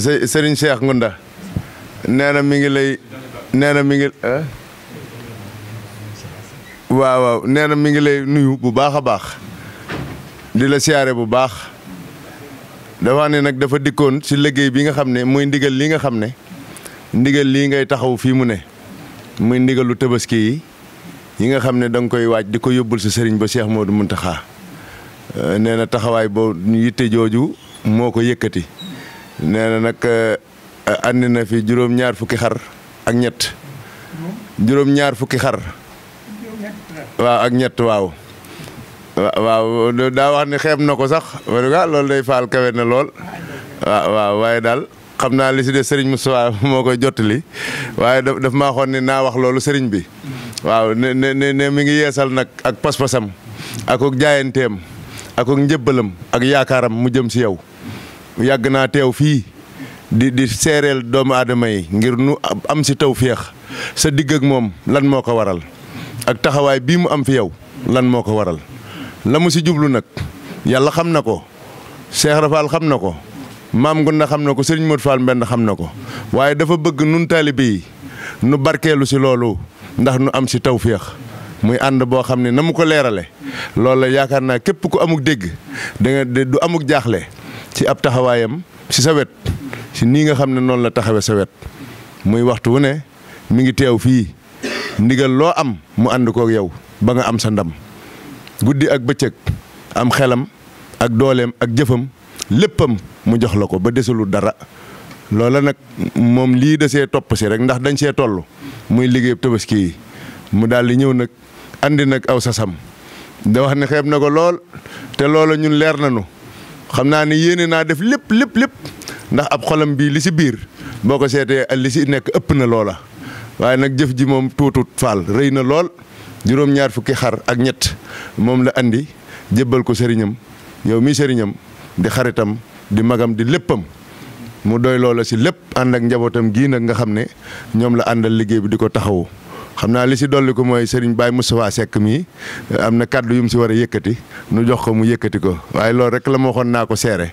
sëriñ Cheikh Ngunda nee na mi ngi lay nee na mi ngi eh? waaw waaw nee na mi ngi lay nuyu bu baax a baax di la siyaare bu baax dafa ne nag dafa dikkoon si liggéey bi nga xam ne muy ndigal lii nga xam ne ndigal lii ngay taxaw fii mu ne muy ndigalu tabaski yi yi nga xam ne da koy waaj di ko yóbbul sa sëriñ ba moo du Mountakha eh, nee na taxawaay boobu yitte jooju moo ko yëkkati. nee na nag euh, euh, andi na fi juróom-ñaar fukki xar ak ñett juróom-ñaar fukki xar waaw ak ñett waaw. waaw daa wax ni xeeb na ko sax ma ne loolu day faal kawe na lool waaw waaye daal. xam naa li si de Serigne Moussa moo koy jottali waaye daf maa xoon ni naa wax loolu sëriñ bi waaw ne ne ne mi ngi yeesal nag ak pas-pasam ak ak jaayanteem ak ak njëbbalam ak yaakaaram mu jëm si yow. yàgg naa teew fii di di seereel doomu aadama yi ngir nu am si taw féex sa digg ak moom lan moo ko waral ak taxawaay bii mu am fi yow lan moo ko waral la mu si jublu nag yàlla xam na ko Cheikh Rafal xam na ko maam Ngunda xam na ko Serigne Modou Fall mbenn xam na ko waaye dafa bëgg nun taalibe yi nu barkeelu si loolu ndax nu am si taw féex muy ànd boo xam ne na mu ko leerale loolu la yaakaar naa képp ko amuk dégg danga nga du amuk jaaxle ci ab taxawaayam ci sa wet ci nii nga xam ne noonu la taxawee sa wet muy waxtu wu ne mu ngi teew fii ndigal loo am mu ànd kook yow ba nga am sa ndam guddi ak bëccëg am xelam ak dooleem ak jëfam léppam mu jox la ko ba desalu dara loola nag moom lii da see topp si rek ndax dañ see toll muy liggéey tabaski yi mu daal di ñëw nag andi nag aw sasam da wax ne xeeb na ko lool te loola ñun leer nañu xam naa ne yéene naa def lépp lépp lépp ndax ab xolam bii li si biir boo ko seetee li si nekk ëpp na loola waaye nag jëf ji moom tuutut faal rëy na lool juróom-ñaar fukki xar ak ñett moom la àndi jébbal ko sëriñam yow mi sëriñam di xaritam di magam di léppam mu doy loola si lépp ànd ak njabootam gii nag nga xam ne ñoom la àndal liggéey bi di ko taxawu. xam naa li si dolli ko mooy Serigne Baye Moustapha Seck mii eh, am na kàddu yu mu si war a yëkkati nu jox ko mu yëkkati ko waaye loolu rek la ma waxoon naa ko seere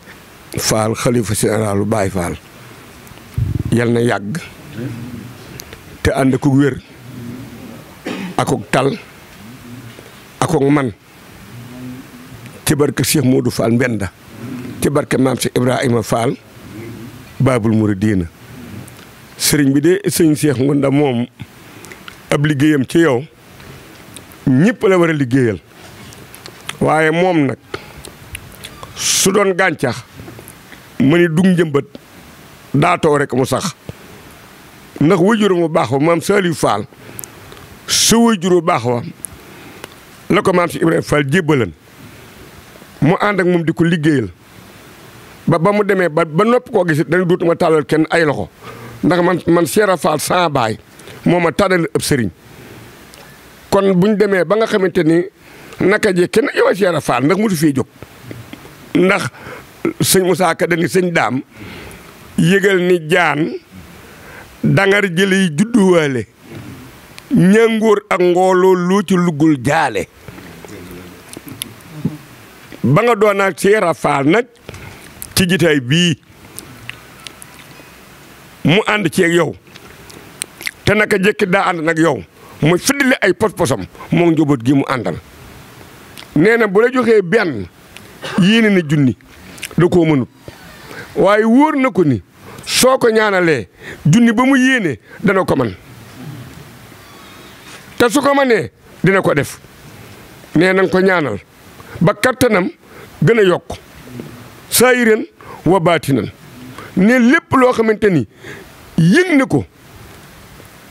Faal xalifa généralu Baye Faal yal na yàgg te ànd ak wér akuk tal akuk man ci barke Cheikh Modou Fall Mbenda ci barke maam Cheikh Ibrahima Fall Baabul Muridiina sëriñ bi de sëñ Cheikh Ngunda moom ab liggéeyam ci yow ñëpp la war a liggéeyal waaye moom nag su doon gàncax ma ni dug njëmbat daa too rek mu sax ndax wajuru mu baax wa maam Saliou Fall sa wajuru baax wa la ko maam si Ibrahima Fall jébbalan mu ànd ak moom di ko liggéeyal ba ba mu demee ba ba nopp koo gisit dañu duutuma tàllal kenn ay loxo ndax man man Seera Fall saa baay moo ma tànnal ëpp sëriñ kon bu ñu demee ba nga xamante ni naka jee kenn yow a Cheikh Ibra Fall ndax mosu fee jóg ndax sëñ Moussa Ka dañuy sëñ daam yëgal ni jaan dangar jëli judduwaale ñàngoor ak ngooloo lu ci luggul jaale ba nga doon ak Cheikh Ibra nag ci jitaay bii mu ànd ceeg yow te naka jëkki daa ànd nag yow mu ay pos-posam moom gi mu àndal nee na la joxee benn yéene na junni da koo mënut waaye wóor na ko ni soo ko ñaanalee junni ba mu yéene dana ko man te su ko manee dina ko def nee na ko ñaanal ba kattanam gën a yokk saa yiren wa baatinan ne lépp loo xamante ni yëg na ko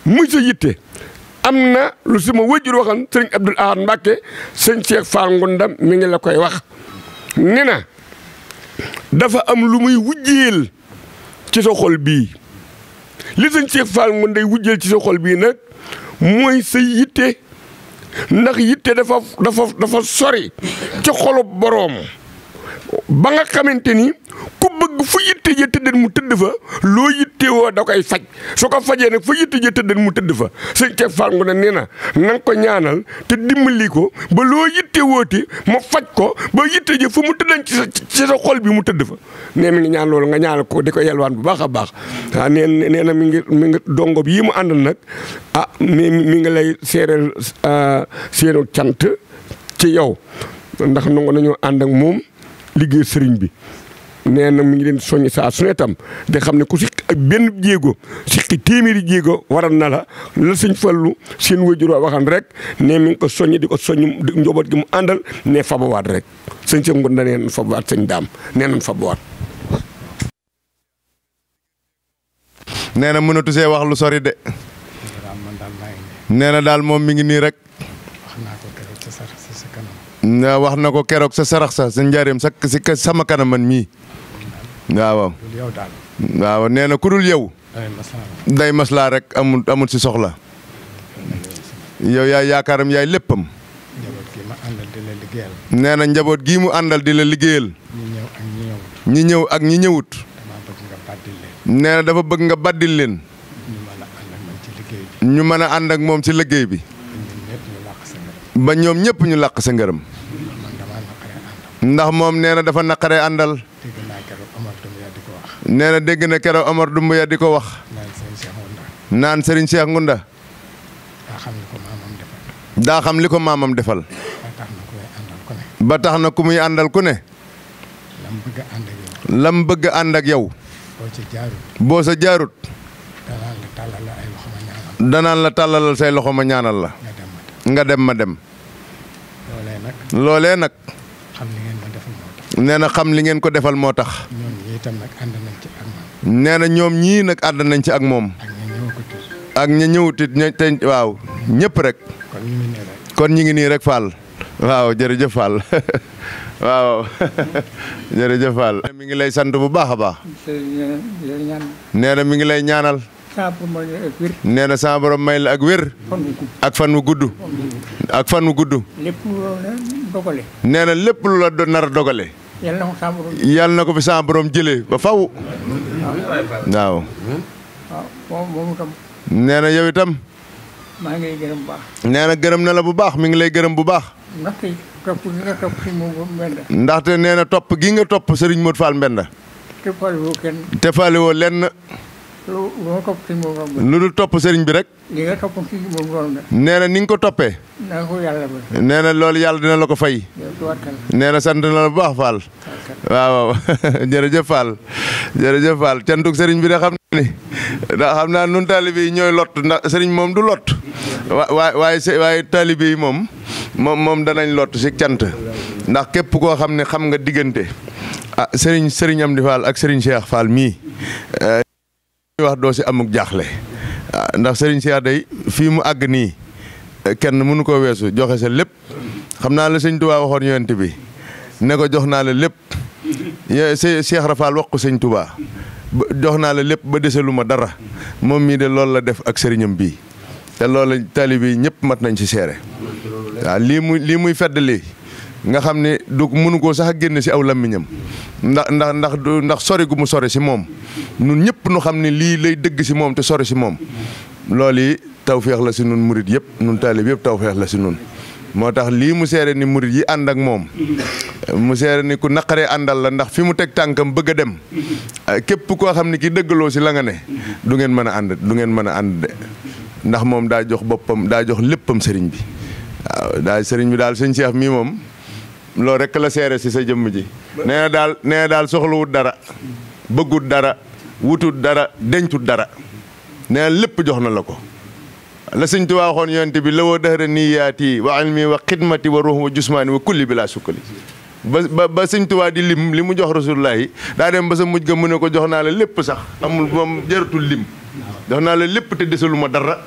muy sa yitte am na lu si ma wëjjur waxan sëriñ Abdul Ahad Mbàkke sëñ Cheikh Fall Ngundam mi ngi la koy wax ne na dafa am lu muy wujjeel ci sa xol bii li sëñ Cheikh Fall Ngundam wujjeel ci sa xol bii nag muy sa yitte ndax yitte dafa dafa dafa sori ci xolub boroom ba nga xamante ni ku fu yitte ja tëddeen mu tëdd fa loo yitte woo da koy faj su ko fajee ne fu yitte ja tëddeen mu tëdd fa sëñ Cheikh Fall Ngoné nee na na nga ko ñaanal te dimbali ko ba loo yitte wooti ma faj ko ba yitte ja fu mu tëddeen ci sa ci sa xol bi mu tëdd fa nee mi ngi ñaan loolu nga ñaanal ko di ko yelwaan bu baax a baax waaw ah, nee nee na mi ngi mi ngi dongo bi yi mu àndal nag a ah, mi mi ngi lay séeréel ah, seenu cant ci yow ndax nangu nañu ànd ak moom liggéey sëriñ bi nee na mi ngi leen soññ saa xam ne ku si benn jéego sikki téeméeri waral na la la sëñ fallu seen rek ne mi gi mu àndal ne fabawaat rek sëñ sëñ ngun da neenan fabawaat sëñ daam neenan nee na mënatu see wax lu sori de nee na daal moom mi ngi nii rek wax na ko keroog sa sarax sa sa njaareem sama kanaman mii waaw waaw nee na ku dul yow. day maslaa rek amul amul si soxla. yow yaay yaakaaram yaay léppam. nee na njaboot gii mu àndal di la liggéeyal. ñi ñëw ak ñi ñëwut. nee na dafa bëgg nga baddil leen. ñu mën a ànd ak moom ci liggéey bi. ba ñoom ñëpp ñu làq sa ngërëm. ndax moom nee na dafa naqaree àndal. Omar nee na dégg na keroog Omar Doumbouya di ko wax. naan Serigne Cheikh Ngunda. daa xam li ko maamam defal. ba tax na ku muy àndal ku ne. lam bëgg a ànd ak yow. boo sa jaarut. boo danaan la tàllalal say loxo ma ñaanal la. nga dem ma dem. loolee nag. nee na xam li ngeen ko defal moo tax. ñoom ñii ak moom. na ñoom ñii nag ànd nañ ci ak moom. ak ña waaw ñépp rek. kon ñu ngi nii rek. kon waaw jërëjëf Fall mi ngi lay sant bu baax a baax. nee na mi ngi lay ñaanal. nee na sa borom may la ak wér. ak fan wu gudd. ak fan wu gudd. nee na lépp lu la nar a dogale. yal na ko sa borom yal na ko fi sa jëlee ba faw waaw. nee na yow itam. maa ngi lay gërëm nee na gërëm na la bu baax mi ngi lay gërëm bu baax. ndaxte nee na topp gii nga topp Serigne Modou Fall Mbenda. te te faale woo lenn. lu ma topp sëriñ lu dul topp sëriñ bi rek. li nga ko toppee. nee na loolu yàlla dina la ko fay. nee na sant na la bu baax Fall. waaw waaw jërëjëf Fall jërëjëf Fall cantuk sëriñ bi de xam ni ndax xam naa nun taalibe yi ñooy lot ndax sëriñ moom du lot. waaye waaye waaye taalibe yi moom moom moom danañ lot si cant ndax képp koo xam ne xam nga diggante ah sëriñ sëriñam Amdi Fall ak sëriñ Cheikh Fall mii. Eh, wax doo si amuk jaaxle ah, ndax Serigne Cheikh day fii mu àgg nii eh, kenn mënu koo weesu joxe sa lépp xam naa la sëñ Touba waxoon yonent bi ne ko jox naa la lépp Cheikh Rafal wax ko sëñ Touba jox naa la lépp ba desalu ma dara moom mii de loolu la def ak sëriñam bii te lool tali bi ñëpp mat nañ ci seere waaw ah, lii muy lii muy feddali nga xam ni du mënu koo sax a génn si aw lammiñam ndax ndax ndax ndax sori gu mu sori si moom nun ñëpp nu xam ne lii lay dëgg si moom te sori si moom loolu yi tawféex la si nun murit yëpp nun taalib yëpp tawféex la si nun moo tax lii mu seere ni murit yi ànd ak moom mu seere ni ku naqaree àndal la ndax fi mu teg tànkam bëgg a dem képp koo xam ne ki dëggaloo si la nga ne du ngeen mën a ànd du ngeen mën a ànd de ndax moom daa jox boppam daa jox léppam sëriñ bi waaw daa sëriñ bi daal sëñ Cheikh mii moom loolu rekk la seere si sa jëmm ji nee na daal nee daal soxlawut dara bëggut dara wutut dara dencut dara neen lépp jox na la ko la sëñ Tuubaa waxoon yonent bi lawoo dëxëra niyaati wa ilmi wa xidmati wa ruux wa jusmaani wa kulli bi laa sukkali ba ba sëñ Tuubaa di lim li mu jox rasulullah yi daa dem ba sa mujj ga mu ne ko jox naa la lépp sax amul moom jaratul lim jox naa la lépp te desalu ma dara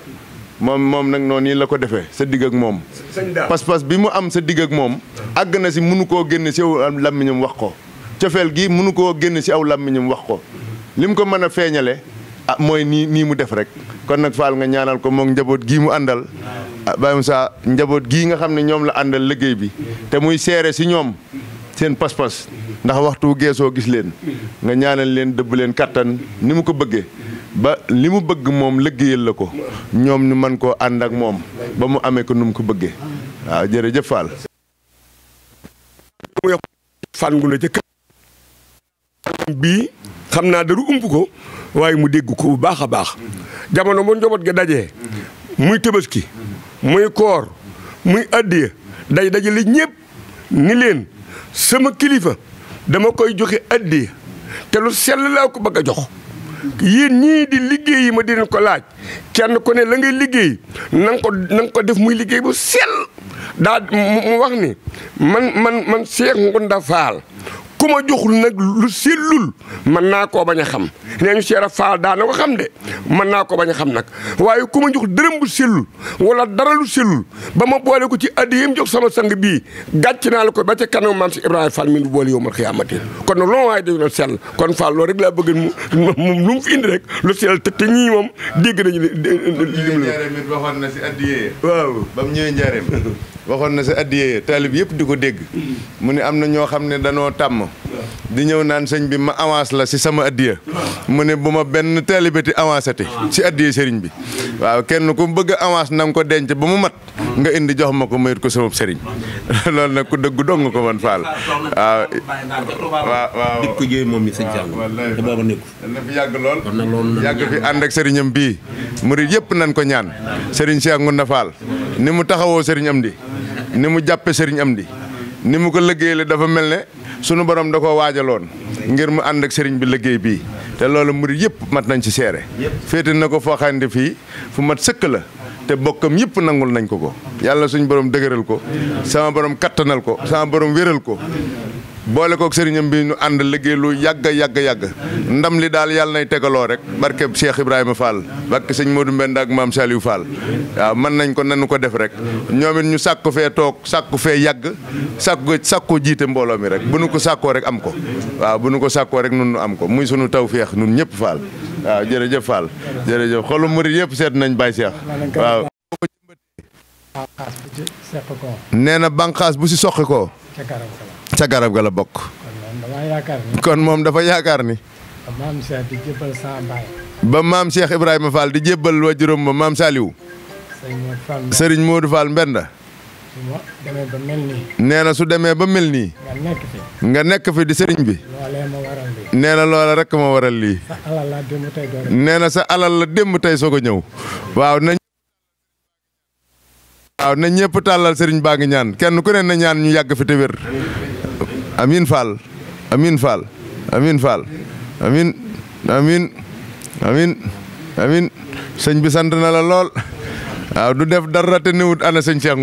moom moom nag noonu la ko defee sa digg ak moom pas-pas bi mu am sa digg ak moom àgg na si mënu koo génn si aw làmmiñam wax ko cofeel gi mënu koo génn si aw làmmiñam wax ko li mu ko mën a feeñale ah mooy nii nii mu def rek kon nag faal nga ñaanal ko moom njaboot gii mu àndal ah, Baye saa njaboot gii nga xam ne ñoom la àndal liggéey bi te muy seere si ñoom seen pas-pas ndax waxtu geesoo gis leen nga ñaanal leen dëbb leen kattan ni mu ko bëggee ba li mu bëgg moom liggéeyal la ko ñoom ñu mën koo ànd ak moom ba mu amee ko nu mu ko bëggee waaw jërëjëf Fall. fan gu la ca bii xam naa daru ump ko waaye mu dégg ko bu baax a baax jamono ba njaboot ga daje muy tëbaski muy koor muy addiya day dajale ñépp ni leen sama kilifa dama koy joxe addiya te lu sell laa ko bëgg a jox yéen ñii di liggéey yi ma di leen ko laaj kenn ku ne la ngay liggéey na ko na ko def muy liggéey bu sell daa mu wax ni man man man Cheikh Ngounda Fall ku ma joxul nag lu sellul mën naa koo bañ a xam nee ñu Cheikh Fall daana ko xam de mën naa koo bañ a xam nag waaye ku ma dërëm bu sellul wala dara lu sellul ba ma boole ko ci addi yim jox sama sang bii gàcc naa la ko ba ca kanam maam si Ibrahima Fall mi ngi boole yow ma xiyaamati kon nag loo waaye def na sell kon Fall loolu rek laa bëgg mu lu mu fi indi rek lu sell te te ñii moom dégg nañu ne. li mu la na si addi waaw ba ñëwee njaareem waxoon na sa addiyee taalib yëpp di ko dégg mu ne am na ñoo xam ne danoo tàmm di ñëw naan sëñ bi ma avance la si sama addiya mu ne bu ma benn taalibati avancé te si addiyee sëriñ bi waaw kenn ku bëgg avance na ko dence ba mu mat nga indi jox ma ko mayit ko sama sëriñ loolu nag ku dëgg dong ko man faal waaw waaw waaw ko moom mi sëñ Thiam te booba na fi yàgg yàgg fi ànd ak sëriñam bii mu murit yëpp nan ko ñaan sëriñ si ak ngun na faal ni mu taxawoo sëriñ am di ni mu jàppe sëriñ Amdi ni mu ko liggéeyale dafa mel ne sunu borom da koo waajaloon ngir mu ànd ak sëriñ bi liggéey bii te loolu murid yëpp mat nañ ci seere féete na ko foo xamante fii fu mat sëkk la te bokkam yëpp nangul nañ ko ko yàlla suñu borom dëgëral ko sama borom kattanal ko sama borom wéral ko boole kook sëriñam bi ñu ànd liggéey lu yàgg yàgg yàgg ndam li daal yàlla nay tegaloo rek barkeb Cheikh Ibrahima Fall barke sëñ Modou Mbend ak maam Saliou Fall waaw mën nañ ko nanu ko def rek ñoom ñu sàkk fee toog sàkku fee yàgg sàkku sàkku jiite mbooloo mi rek bu nu ko sàkkoo rek am ko waaw bu nu ko sàkkoo rek nun nu am ko muy taw tawféex nun ñëpp Fall waaw jërëjëf Fall jërëjëf xolu murid yëpp seet nañ Baye Cheikh waaw nee na bànqaas bu si soqi ko ca garab ga la bokk. kon moom dafa yaakaar ni. ba maam Cheikh di jébbal di jébbal waa juróom ba maam Saliou. Serigne Modou Fall Mbenda. nee na su demee ba mel nii. nga nekk fi di sëriñ bi. nee loola rek ma waral lii. nee na sa alal la démb tey soog a ñëw. waaw na waaw tàllal sëriñ baa ngi ñaan kenn ku ne ñaan ñu yàgg fi te wér. amin Fall amin Fall amin Fall amin amin amin amin sëñ bi sant na la lool waaw du def dara te néewut ana sëñ Cheikh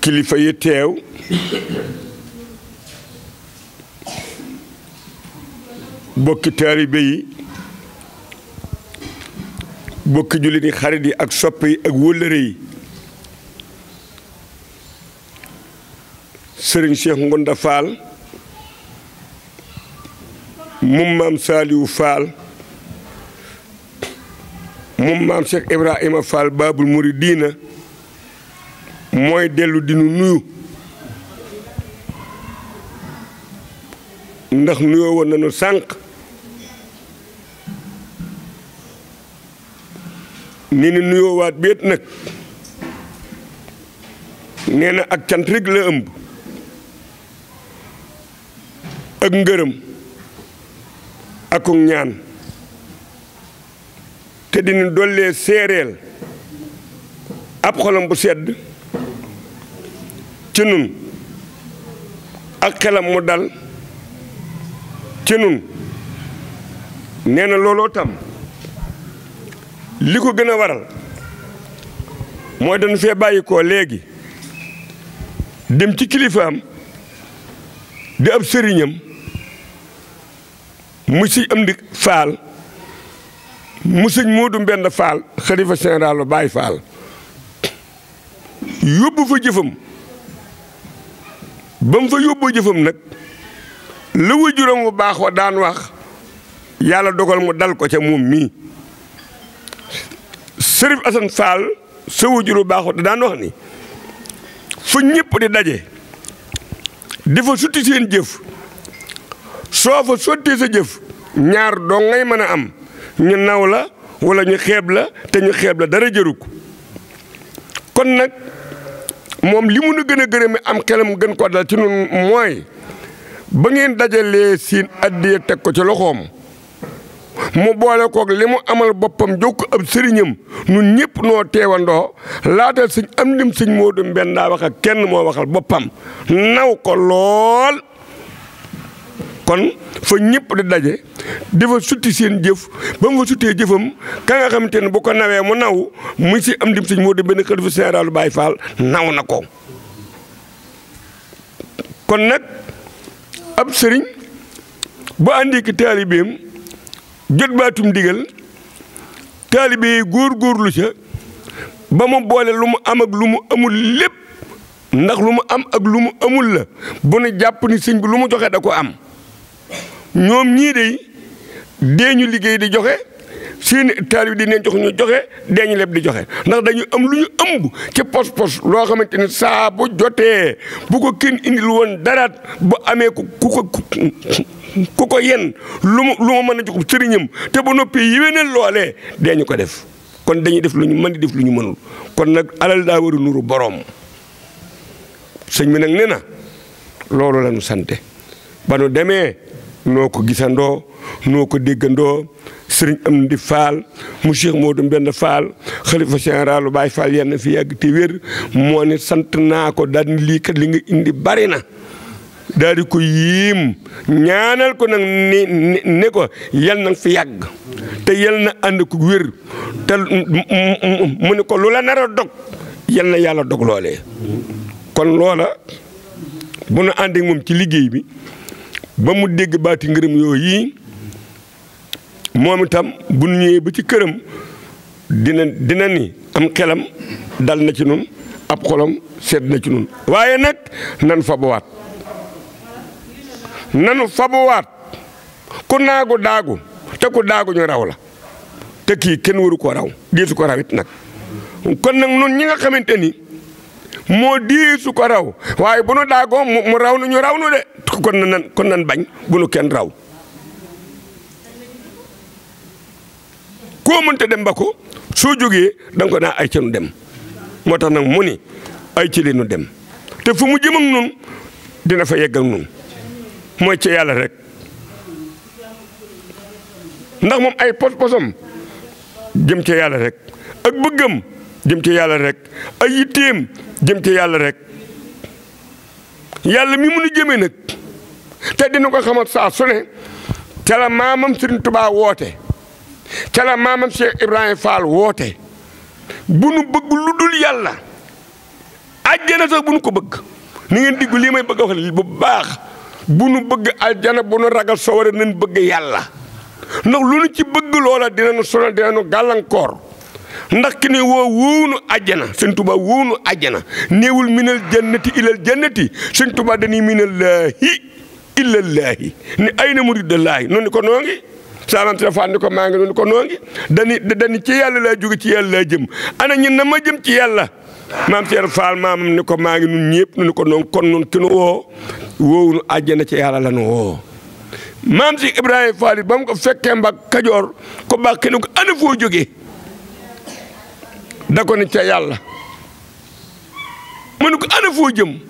kilifa yi teew bokki taalibe yi bokki jullit yi xarit yi ak soppe yi ak wëllëre yi sëriñ Cheikh Ngonda Fall mum maam Saliou Fall moom maam Cheikh Ibrahima Fall Babul Mouridina mooy dellu di nu nuyu ndax nuyoo woon nañu sànq ni nu nuyoo waat béet nag nee na ak cantrik la ëmb ak ngërëm akuk ñaan te dinu dollee séeréel ab xolam bu sedd ci nun ak xelam mu dal ci nun nee na looloo tam li ko gën a waral mooy dañu fee bàyyikoo léegi dem ci kilifaam di ab sëriñam mu ci am di faal mu sëñ Moodu Mbend Fall xalifa général bàyyi Fall yóbbu fa jëfam ba fa yóbbu jëfam nag la wajuram bu baax wa daan wax yàlla dogal mu dal ko ca moom mii Sërif Asan Fall sa wajur bu baax wa daan wax ni fu ñëpp di daje dafa sutti seen jëf soo fa sottee sa jëf ñaar doo ngay mën a am ñu naw la wala ñu xeeb la te ñu xeeb la dara jëru ko kon nag moom li mun a gën a mi am xelam gën ko dal ci nun mooy ba ngeen dajalee siin addiya teg ko ci loxoom mu boole koog li mu amal boppam jokk ab sëriñam nun ñëpp noo teewandoo laatal sëñ am lim moo Moodu Mbenda wax ak kenn moo waxal boppam naw ko lool kon fa ñëpp di daje dafa sutti seen jëf ba mu fa suttee jëfam ka nga xamante ne bu ko nawee mu naw muy si am dim siñ moo di benn xalifa général baay Fall naw na ko kon nag ab sëriñ bu àndee ki taalibeem jot baatum digal taalibe yi góor góorlu ca ba mu boole lu mu am ak lu mu amul lépp ndax lu mu am ak lu mu amul la bu nu jàpp ni sëñ bi lu mu joxe da ko am ñoom ñii de dee liggéey di joxe seen taalibe di neen jox ñu joxe dee ñu leb di joxe ndax dañu am lu ñu ëmb ci pos pos loo xamante ni saa bu jotee bu ko kenn indil woon daraat bu amee ku ko ku ko yen lu mu lu ma mën a jox sëriñam te ba noppi yéwénal loole dee ko def kon dañuy def lu ñu mën di def lu ñu mënul kon nag alal daa war nuru boroom sëñ bi nag nee na loolu la ñu sante ba nu demee noo ko gisandoo noo ko déggandoo sëriñ Amdi Fall mu Cheikh Modou Mbenn Fall xalifa général Baye Fall yenn fi yàgg te wér moo ne sant naa ko daal ni lii kat li nga indi bari na daal di ko yiim ñaanal ko nag ni ne ko yal na fi yàgg te yal na ànd ko wér mu ne ko lu la nar a dog yal na yàlla dog loolee kon loola bu nu àndee moom ci liggéey bi ba mu dégg baati ngërëm yooyu yii moom itam bu ba ci këram dina dina ni am xelam dal na ci nun ab xolom sedd na ci nun waaye nag nan nanu fabuwaat nanu fabuwaat ku naagu daagu te ku daagu ñu raw la te kii kenn waru ko raw diitu ko rawit nag kon nag nun ñi nga xamante moo diisu ko raw waaye bu nu daagoo mu raw nu ñu raw nu de kon nan kon nan bañ bu nu kenn raw koo mënta dem ba ko soo jógee da ko naa ay ca nu dem moo tax nag mu ni ay ci li dem te fu mu jëm ak dina fa yegg ak mooy ci yàlla rek ndax moom ay pos posam jëm ca yàlla rek ak bëggam jëm ca yàlla rek ay yitteem jëm ci yàlla rek yàlla mi munu jëmee nag te dina ko xamal saa su ne ca la maamam Sëriñ Tuubaa woote ca la maamam Cheikh Ibrahima Fall woote bu nu bëgg lu dul yàlla ajjana sax bu nu ko bëgg ni ngeen diggu lii may bëgg bu baax bu nu bëgg aljana bu nu ragal sawara nañ bëgg yàlla ndax lu nu ci bëgg loola dina nu sonal dina nu gàllankoor ndax ki ne woo wóonu àjjana sëñ Tuba wóonu àjjana néewul minal jannati ilal jannati sëñ Tuba dañuy minal laahi ilal laahi ni ay na murida laahi noonu ko noo ngi saanam si dafa andi ko maa ngi noonu ko noo dani dani ci yàlla laa jóge ci yàlla laa jëm ana ñun na ma jëm ci yàlla maam Cheikh Fall maamam ni ko maa ngi nun ñëpp nu ko noonu kon nun ki nu woo woowunu àjjana ci yàlla la nu woo maam si Ibrahima Fall ba ko fekkee mbag da ko ca yàlla mu ne ko ana foo jëm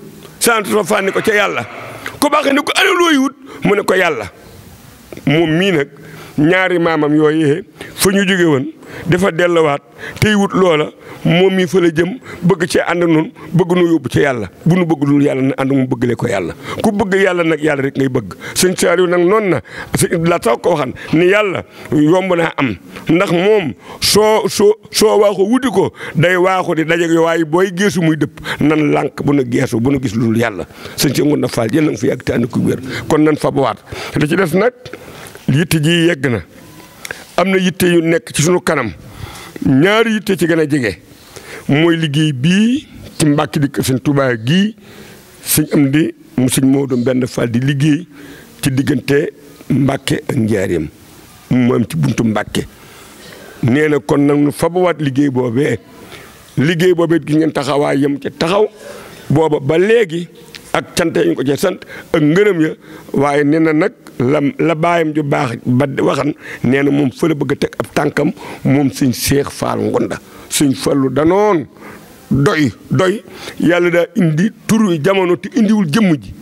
sant fa fànni ko ca yàlla ku baax ni ko ana looy wut mu ne ko yàlla moom mii ñaari maamam yooyee fa ñu jóge woon dafa delluwaat tey wut loola moom mi fa la jëm bëgg ci ànd noonu bëgg nu yóbbu ci yàlla bu nu bëgg lu yàlla na ànd mu bëggale ko yàlla ku bëgg yàlla nag yàlla rek ngay bëgg sëñ Saaliw nag noonu na la taw ko waxan ni yàlla yomb naa am ndax moom soo soo soo waaxu wuti ko day waaxu di daje waaye booy géesu muy dëpp nan lank bu nu geesu bu nu gis lu yàlla sëñ si ngun na faal yéen a ngi fi yàgg te ànd ku wér kon nan fa bawaat li ci des nag yitte ji yegg na am na yitte yu nekk ci suñu kanam ñaari yitte ci gën a jege mooy liggéey bii ci mbàkki di sëñ Tuubaa gi sëñ am di mu sëñ Moodu Mbend Fall di liggéey ci diggante Mbàkke ak Njaaréem mu am ci buntu Mbàkke nee na kon nag nu fabawaat liggéey boobee liggéey boobee gi ngeen taxawaa yam ca taxaw booba ba léegi ak cant yañ ko ci sant ak ngërëm ya waaye nee na nag la baayam ju baax ba waxan nee na moom fële bëgg a teg ab tànkam moom suñ seex faal ngonda suñ fallu danoon doy doy yàlla daa indi tur wi jamono te indiwul jëmm ji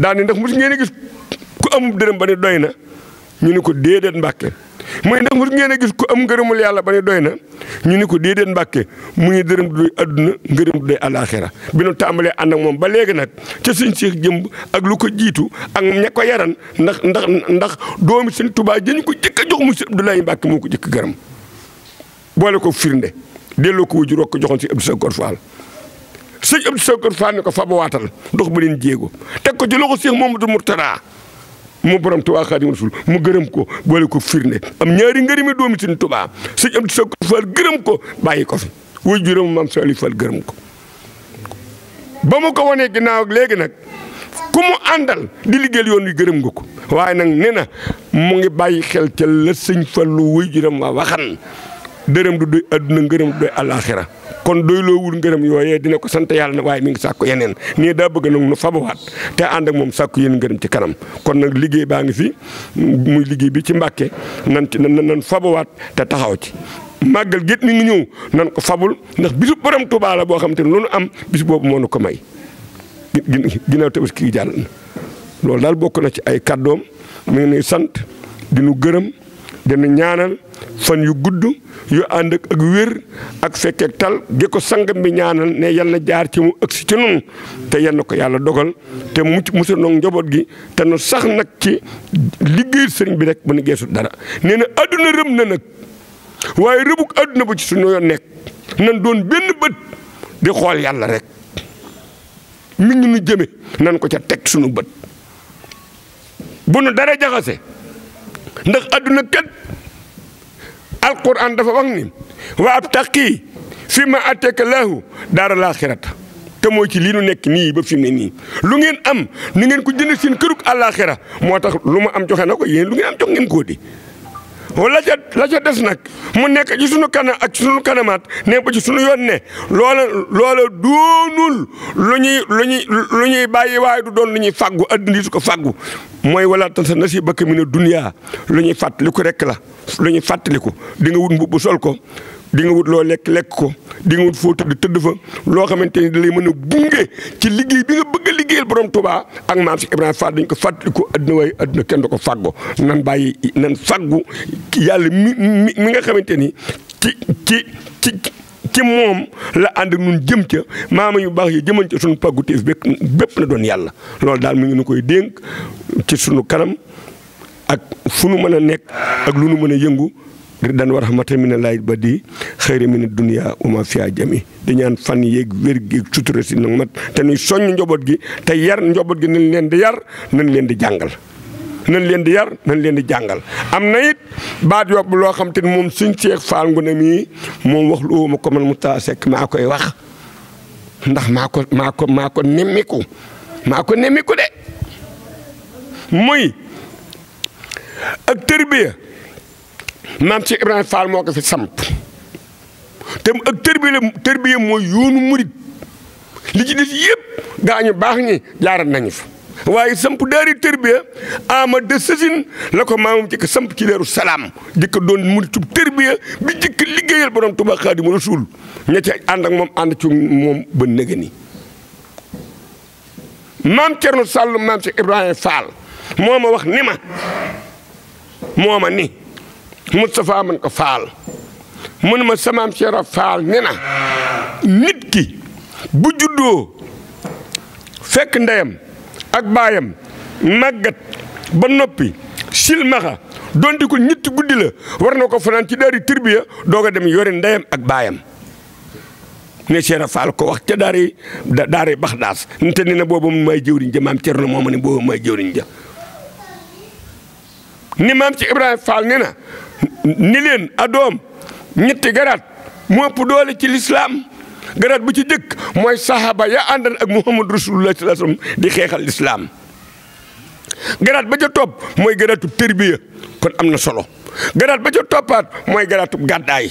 daane ndax mos ngeen a gis ku amul dërëm ba ne doy na ñu ne ko déedéet mbàkke mooy ndax mos ngeen a gis ko am ngërëmul yàlla ba ne doy na ñu ni ko déedéet mbàkke mu ngi dërëm du doy àdduna ngërëm du doy alaxira bi nu tàmbalee ànd ak moom ba léegi nag ca suñ jëmb ak lu ko jiitu ak ña ko yaran ndax ndax ndax doomi seen tubaa jëñ ko jëkk a jox mu si Abdoulaye Mbàkke moo ko jëkk gërëm boole ko firnde delloo ko wujju rok ko joxoon si Abdou Sakor Fall sëñ Abdou Sakor ko fabawaatal dox ba leen jéego teg ko ci loxo Seex Mamadu Murtadaa moom borom Tuubaa Xaadimu Rasuul mu gërëm ko boole ko firnde am ñaari ngërëmi doomi Sëñ Tuubaa sëñ gërëm ko bàyyi ko fi wuy juróom maam Saliou Fall gërëm ko ba mu ko wanee ginnaaw ak léegi nag ku mu àndal di liggéeyal yoon wi gërëm nga ko waaye nag nee na mu ngi bàyyi xel ca sëñ Fallu wuy juróom waa waxan dërëm du doy àdduna ngërëm du doy àllaaxira kon doyloowul ngërëm yooyee dina ko sant yàlla na waaye mi ngi sàkku yeneen nii daa bëgg nag nu fabawaat te ànd moom sàkku yéen ngërëm ci kanam kon nag liggéey baa ngi fi muy liggéey bi ci Mbàkke nan ci nan fabawaat te taxaw ci màggal gétt mi ngi ñëw nan ko fabul ndax bisu borom Tuubaa la boo xam te loolu am bis boobu moo nu ko may ginnaaw Tabaski jàll na loolu daal bokk na ci ay kàddoom mi ngi sant di gërëm dina ñaanal fan yu gudd yu ànd ak wér ak fekkeek tal gi sangam bi ñaanal ne yal na jaar ci mu ëgsi ci nun te yal na ko yàlla dogal te mucc musul noog njaboot gi te nu sax nag ci liggéey sëriñ bi rek bu nu geesul dara nee na àdduna rëb na nag waaye rëbuk àdduna bu ci suñu yoon nekk nan doon benn bët di xool yàlla rek mi ngi nu jëme nan ko ca teg suñu bët bu nu dara jaxase ndax adduna kat alquran dafa wax ni wa ab taqi fi ma atteeka laahu daara laaxirata te mooy ci lii nu nekk nii ba fi mu ne nii lu ngeen am ni ngeen ko jënd seen kërug àllaaxira moo tax lu ma am joxe na ko yéen lu ngeen am jox ngeen ko di la ca la ca des nag mu nekk ci sunu kanam ak sunu kanamaat ne ba ci sunu yoon ne loola loola doonul lu ñuy lu ñuy lu ñuy bàyyi waaye du doon lu ñuy fàggu adduna su ko fàggu mooy wala tan sa nasiibaka mina dunyaa lu ñuy fàttaliku rek la lu ñuy fàttaliku di nga wut mbubb sol ko. di nga wut loo lekk lekk ko di nga wut foo tëdd tëdd fa loo xamante ni da lay mën a gunge ci liggéey bi nga bëgg a liggéeyal borom Touba ak maam si Ibrahima Fall dañ ko fàttali ko adduna waaye adduna kenn du ko fàggo nan bàyyi nan fàggu yàlla mi nga xamante ni ci ci ci ci moom la ànd nun jëm ca maama yu baax yi jëman ca suñu pàggu téef bépp bépp na doon yàlla loolu daal mu ngi nu koy dénk ci sunu kanam ak fu nu mën a nekk ak lu nu mën a yëngu ridan wa rahmatan min allahi ba di xëyri min dunya wa ma fiha jami di ñaan fan yeeg wér gi sutura si nag mat te ñuy soññ njaboot gi te yar njaboot gi nañ leen di yar nañ leen di jàngal nañ leen di yar nañ leen di jàngal am na it baat yobbu loo xam te moom suñ seex faal ngu ne mii moom wax lu ma ko man mu taa sekk maa koy wax ndax maa ko maa ko maa ko nemmiku maa ko nemmiku de muy ak tërbiya maam ci Ibrahima Fall moo ko fi samp te ak tërbiye tërbiye mooy yoonu murit li ci des yëpp gaañu baax ñi jaarat nañu fa waaye samp daari tërbiye ama de sësin la ko maamam jëkk samp ci leeru salaam jëkk doon muritub tërbiye bi jëkk liggéeyal borom Tuubaa Xaadimu Rasuul ña ca ànd moom ànd ci moom ba nëgë ni maam Cerno sal maam ci Ibrahima Fall moo ma wax ni ma moo ma ni Moustapha man ko faal mun ma samaam Cheikh faal ne na nit ki bu juddoo fekk ndeyam ak baayam màggat ba noppi silmaxa donte ko ñetti guddila war na ko fanaan ci daari tarbiya doog a dem yore ndeyam ak baayam ne Cheikh Fall ko wax ca daari daari Baxdaas nte ne na boobu may jëwriñ ja maam Cerno mooma ne boobu may jëwriñ ja ni maam ci ibrahim Fall ne ni leen adoom ñetti garaat mu ëpp doole ci lislaam garaat bu ci jëkk mooy saxaaba ya àndan ak muhammad rasulullah sallallahu alayhi wasallam di xeexal lislaam garaat ba ca topp mooy garaatub tërbiya kon am na solo garaat ba ca toppaat mooy garaatub gàddaay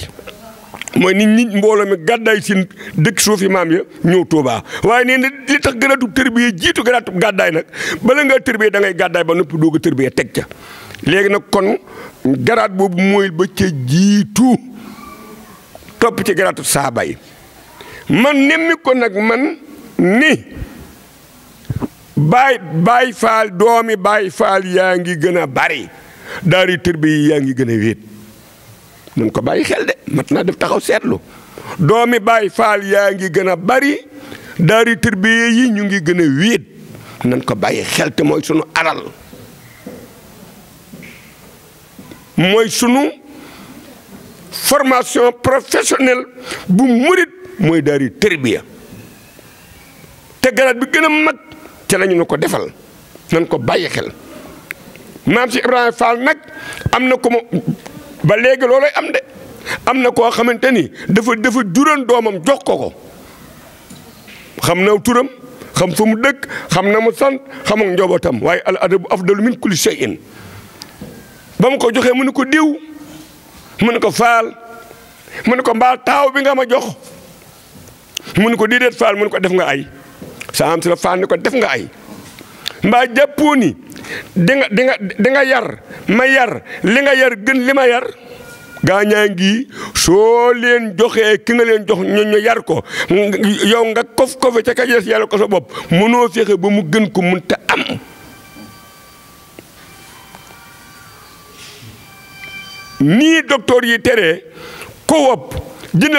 mooy nit ñi mbooloo mi gàddaay seen dëkk suufi maam yi ñëw Tuubaa waaye nee na li tax garaatub tërbiya jiitu garaatub gàddaay nag bala ngaa tërbiya da ngay gàddaay ba noppi doog a tërbiya teg ca léegi nag kon garaat boobu mooy ba ca jiitu topp ci garaatu saaba yi man nemmi nag man ni baay baay faal doomi baay faal yaa ngi gën a bari daari tërbi yi yaa ngi gën a wéet nañ ko bàyyi xel de mat def taxaw seetlu doomi baay yaa ngi gën a bari daari tërbi yi ñu ngi gën a wéet nañ ko bàyyi xel te mooy sunu alal mooy sunu formation professionnelle bu murit mooy daari tërbiya te garaat bi gënam a mag ca lañu na ko defal nan ko bàyyi xel maam si Ibrahima Fall nag am na ko ma ba léegi loolay am de am na koo xamante ni dafa dafa juran doomam jox ko ko xam na turam xam fa mu dëkk xam na mu sant xam ak njabootam waaye al adabu afdalu min kulli shay'in ba mu ko joxee mu ne ko diw mu ne ko faal mu ne ko mbaa taaw bi nga ma jox mu ne ko déedéet faal mu ko def nga ay sa am si la faal ne ko def nga ay mbaa jàppoo ni di nga di yar ma yar li nga yar gën li ma yar gaañaa ngi soo leen joxee ki nga leen jox ñu yar ko yow nga kof kofe ca ka jeex ko sa bopp mënoo fexe ba mu gën ko mun te am nii docteur yi teree ko wopp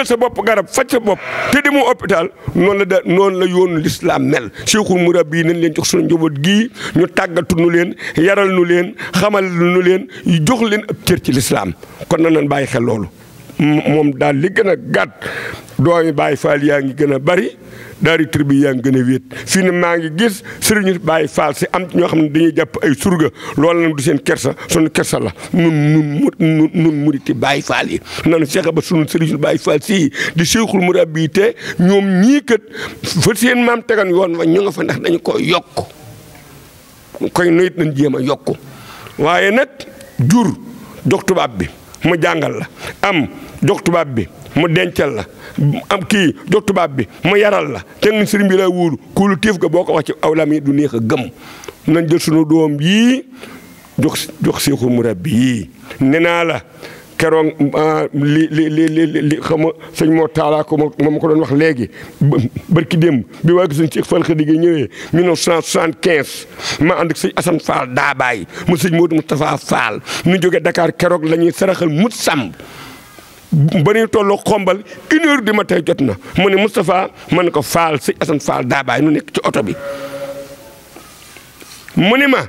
sa bopp garab faj sa bopp te demoo hôpital noonu la da noonu la yoonu lislaam mel cheikhul murabbi yi nañ leen jox suñu njaboot gii ñu tàggatu nu leen yaral nu leen xamalnu leen jox leen ab cër ci lislaam kon na nan bàyyi xel loolu moom daal li gën a gàtt doomi Baay Faal yaa ngi gën a bari daari tribu yaa ngi gën a wéet fii ne maa ngi gis sëriñu Baay Faal si am ñoo xam ne dañuy jàpp ay surga loolu nag du seen kersa sunu kersa la nun nun nun nun muriti Baay Faal yi nanu fexe ba sunu sëriñu Baay Faal sii di seexul murabbi te ñoom ñii kat fa seen maam tegan yoon wa ñu nga fa ndax dañu ko yokk koy noyit nañ jéem a yokk waaye nag jur jox tubaab bi ma jàngal la am jox tubaab bi mu dencal la am kii jox tubaab bi mu yaral la te nga sëriñ bi lay wóolu kuulu téef ga boo ko wax ci awlam yi du neex a gëm nañ jël sunu doom yii jox jox seexu murabbi yii nee naa la keroog ah, li li li li li xam nga sëñ moo taalaa ko moom ko doon wax léegi barki démb bi waa gisuñ Cheikh Fall Khady Gueye ñëwee 1975 ma ànd ak sëñ Assane Fall daabaay mu sëñ Modou Moustapha Fall ñu jógee Dakar keroog lañuy ñuy saraxal mut sàmm ba ñuy tolloo xombal une heure du jot na mu ne Moustapha ma ne ko Fall sëñ Assane Fall daabaay nu nekk ci oto bi mu ne ma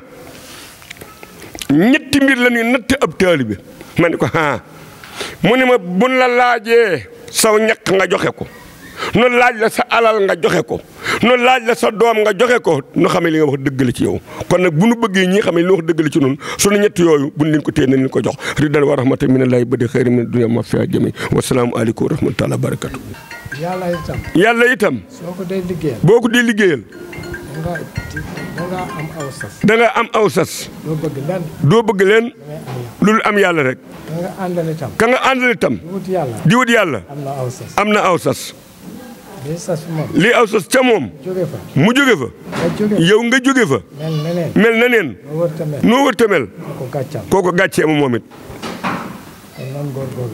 ñetti mbir la ñuy ab taalibe bi ma ni ko ah mu ni ma bun la laajee saw ñaq nga joxe ko nu laaj la sa alal nga joxe ko nu laaj la sa doom nga joxe ko nu xamee li nga wax dëgg ci yow kon nag bu nu bëggee ñi xamee li wax dëgg la ci ñun sunu ñetti yooyu buñ leen ko téye nañ leen ko jox ridan wa rahmata min allahi badi xëyri min dunya ma fiha jami wa salaamu aleykum wa rahmatullahi wa barakatu yàlla itam yàlla boo ko dee liggéeyal da am aw sas. doo bëgg leen. doo bëgg am yàlla rek. ka nga àndal itam. di yàlla. am na aw sas. lii aw sas ca moom. mu jóge fa. yow nga jóge fa. mel na neen. noo wër tamel. kooko gàccee ma moom it.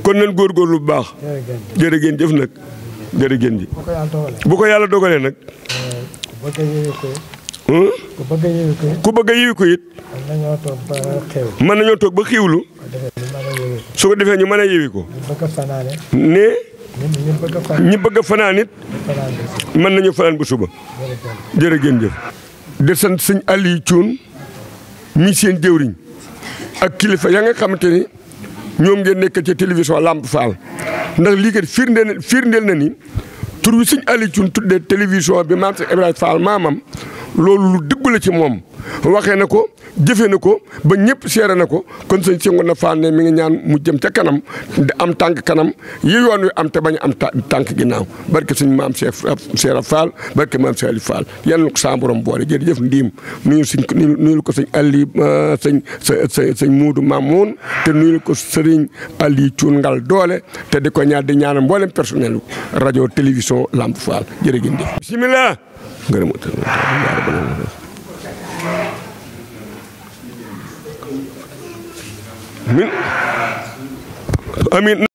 kon nan góorgóorlu bu baax. jërë ngeen jëf nag. jërë ngeen ji bu yàlla dogalee ku bëgg a yeewi ko hmm? mën nañoo toog ba xiiwlu su ko defee ñu mën a yeewi ko ne ñi bëgg a fanaan it fanaan bu suba jërë ngeen jëf di sant sëñ Aliou Thioune seen jëwriñ ak kilifa ya nga xamante ni ñoom ngeen nekk ci télévision Lamp Fall ndax lii kat firndeel na ni tur bi sëñ Aliou Thioune tuddee bi maam Cheikh Ibrahima Fall maamam loolu lu ci moom waxee na ko jëfee na ko ba ñëpp seere na ko kon sëñ si ngoon na Fall ne mi ngi ñaan mu jëm ca kanam am tànk kanam yi yoon yu am te bañ am tànk ginnaaw barke suñ maam Cheikh Cheikh Fall barke maam Cheikh Aliou Fall yal na ko saa borom boole jërëjëf ndiim nuyu suñ nuyu ko sëñ Aliou ah, sëñ sëñ sëñ Muudu Mamoun te nuyu ko sëriñ Aliou Cuun Ngal doole te di ko ñaan di ñaanal mboolem personnel rajo télévision Lamp Fall jërëjëf. bisimilah. min amin